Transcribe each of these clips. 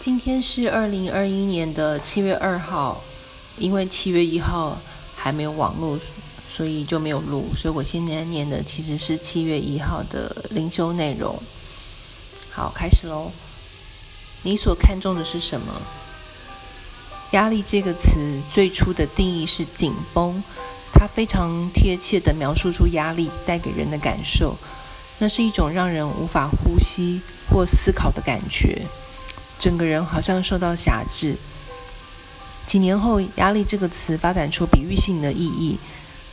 今天是二零二一年的七月二號，因為七月一號還沒有網絡，所以就沒有錄。所以我現在念的其實是七月一號的靈修內容。好，開始嘍。你所看重的是什麼？壓力這個詞最初的定義是緊繃，它非常貼切地描述出壓力帶給人的感受，那是一種讓人無法呼吸或思考的感覺。整個人好像受到轄制。幾年後，“壓力”這個詞發展出比喻性的意義。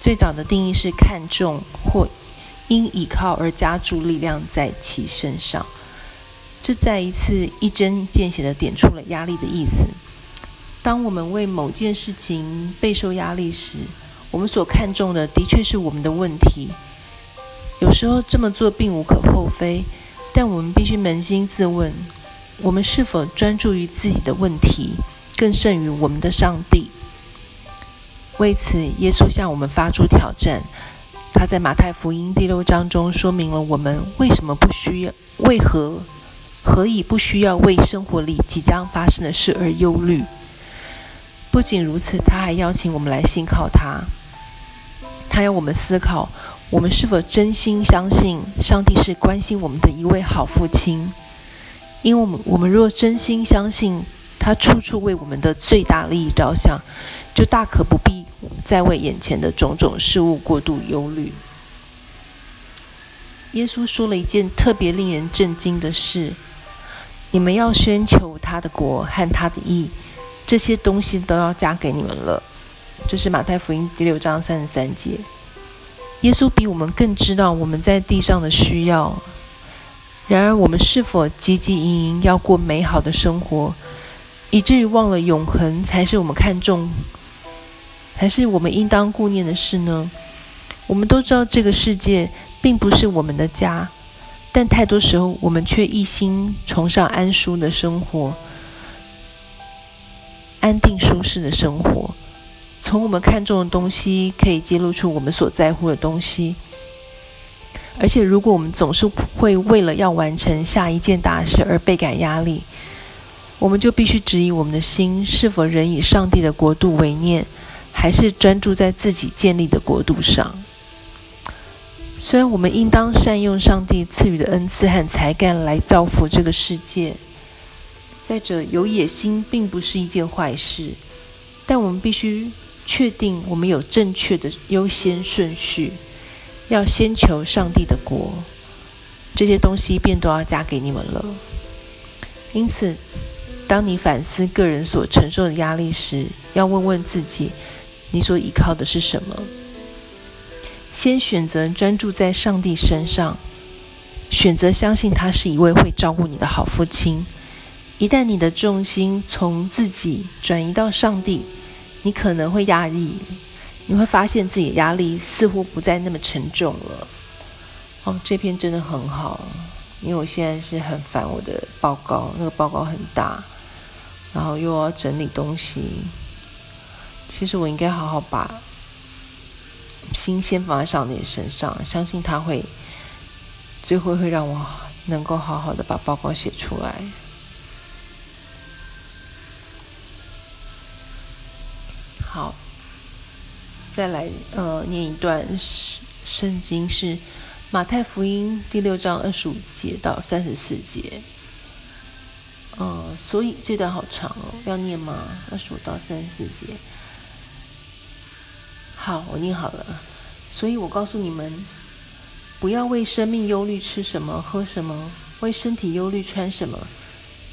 最早的定義是看重或因倚靠而加諸力量在其身上。這再一次一針見血地點出了壓力的意思。當我們為某件事情備受壓力時，我們所看重的的確是我們的問題。有時候這麼做並無可厚非，但我們必須捫心自問。我們是否專注於自己的問題，更甚於我們的上帝？為此，耶穌向我們發出挑戰。他在馬太福音第六章中說明了我們為什麼不需要、為何何以不需要為生活裡即將發生的事而憂慮。不僅如此，他還邀請我們來信靠他。他要我們思考：我們是否真心相信上帝是關心我們的一位好父親？因為我們，我們若真心相信他處處為我們的最大利益着想，就大可不必再為眼前的種種事物過度憂慮。耶穌說了一件特別令人震驚的事：你們要先求他的國和他的義，這些東西都要加給你們了。這是馬太福音第六章三十三節。耶穌比我們更知道我們在地上的需要。然而，我們是否汲汲營營要過美好的生活，以至於忘了永恆才是我們看重，還是我們應當顧念的事呢？我們都知道這個世界並不是我們的家，但太多時候我們卻一心崇尚安舒的生活，安定舒適的生活。從我們看重的東西，可以揭露出我們所在乎的東西。而且，如果我們總是會為了要完成下一件大事而倍感壓力，我們就必須質疑我們的心是否仍以上帝的國度為念，還是專注在自己建立的國度上。雖然我們應當善用上帝賜予的恩賜和才幹來造福這個世界，再者，有野心並不是一件壞事，但我們必須確定我們有正確的優先順序。要先求上帝的國，這些東西便都要加給你們了。因此，當你反思個人所承受的壓力時，要問問自己：你所倚靠的是什麼？先選擇專注在上帝身上，選擇相信他是一位會照顧你的好父親。一旦你的重心從自己轉移到上帝，你可能會壓抑。你會發現自己的壓力似乎不再那麼沉重了。哦，這篇真的很好，因為我現在是很煩我的報告，那個報告很大，然後又要整理東西。其實我應該好好把心先放在上帝身上，相信他會最後會讓我能夠好好的把報告寫出來。再來，呃，念一段《聖經》是《馬太福音》第六章二十五節到三十四節。嗯、呃，所以這段好長哦，要念嗎？二十五到三十四節。好，我念好了。所以我告訴你們，不要為生命憂慮吃什麼，喝什麼；為身體憂慮穿什麼。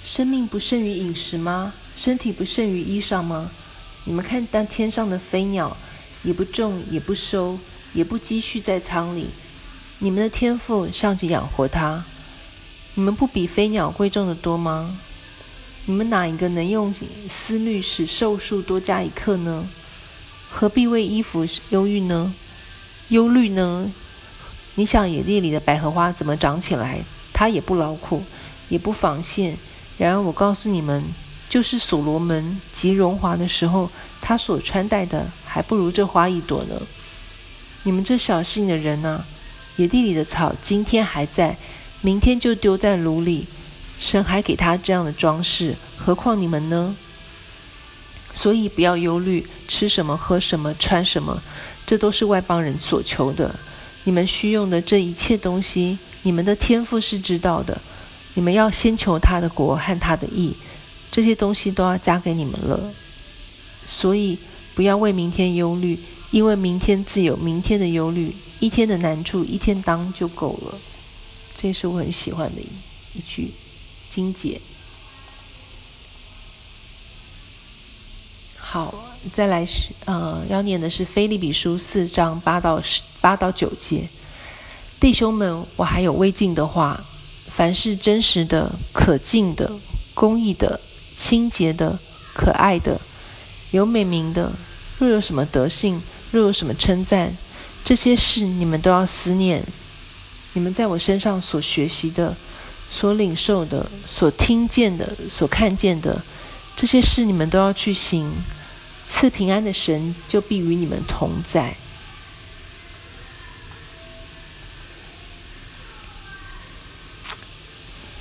生命不勝於飲食嗎？身體不勝於衣裳嗎？你們看，當天上的飛鳥。也不種，也不收，也不積蓄在倉裡。你們的天父尚且養活他，你們不比飛鳥貴重得多嗎？你們哪一個能用思慮使壽數多加一刻呢？何必為衣服憂鬱呢？憂慮呢？你想野地裡的百合花怎麼長起來？它也不勞苦，也不紡線。然而我告訴你們，就是所羅門極榮華的時候，他所穿戴的。還不如這花一朵呢。你們這小信的人呢、啊，野地裡的草今天還在，明天就丟在爐裡。神還給他這樣的裝飾，何況你們呢？所以不要憂慮，吃什麼，喝什麼，穿什麼，這都是外邦人所求的。你們需用的這一切東西，你們的天父是知道的。你們要先求他的國和他的義，這些東西都要加給你們了。所以。不要為明天憂慮，因為明天自有明天的憂慮。一天的難處，一天當就夠了。這是我很喜歡的一一句金句。好，再來是，呃，要念的是《腓立比書》四章八到十八到九節。弟兄們，我還有未盡的話：凡是真實的、可敬的、公義的、清潔的、可愛的。有美名的，若有什麼德行，若有什麼稱讚，這些事你們都要思念。你們在我身上所學習的，所領受的，所聽見的，所看見的，這些事你們都要去行，賜平安的神就必與你們同在。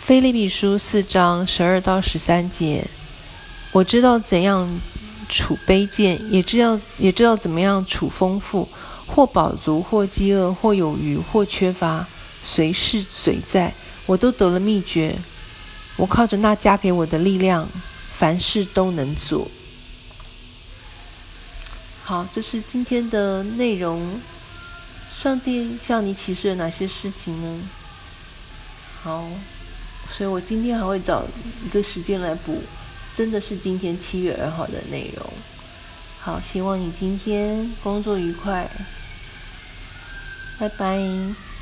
腓立比書四章十二到十三節，我知道怎樣。處卑賤，也知道也知道怎麼樣處豐富，或飽足，或飢餓，或有餘，或缺乏，隨事隨在，我都得了秘訣。我靠着那加給我的力量，凡事都能做。好，這是今天的內容。上帝向你啟示了哪些事情呢？好，所以我今天還會找一個時間來補。真的是今天七月二號的內容，好，希望你今天工作愉快，拜拜。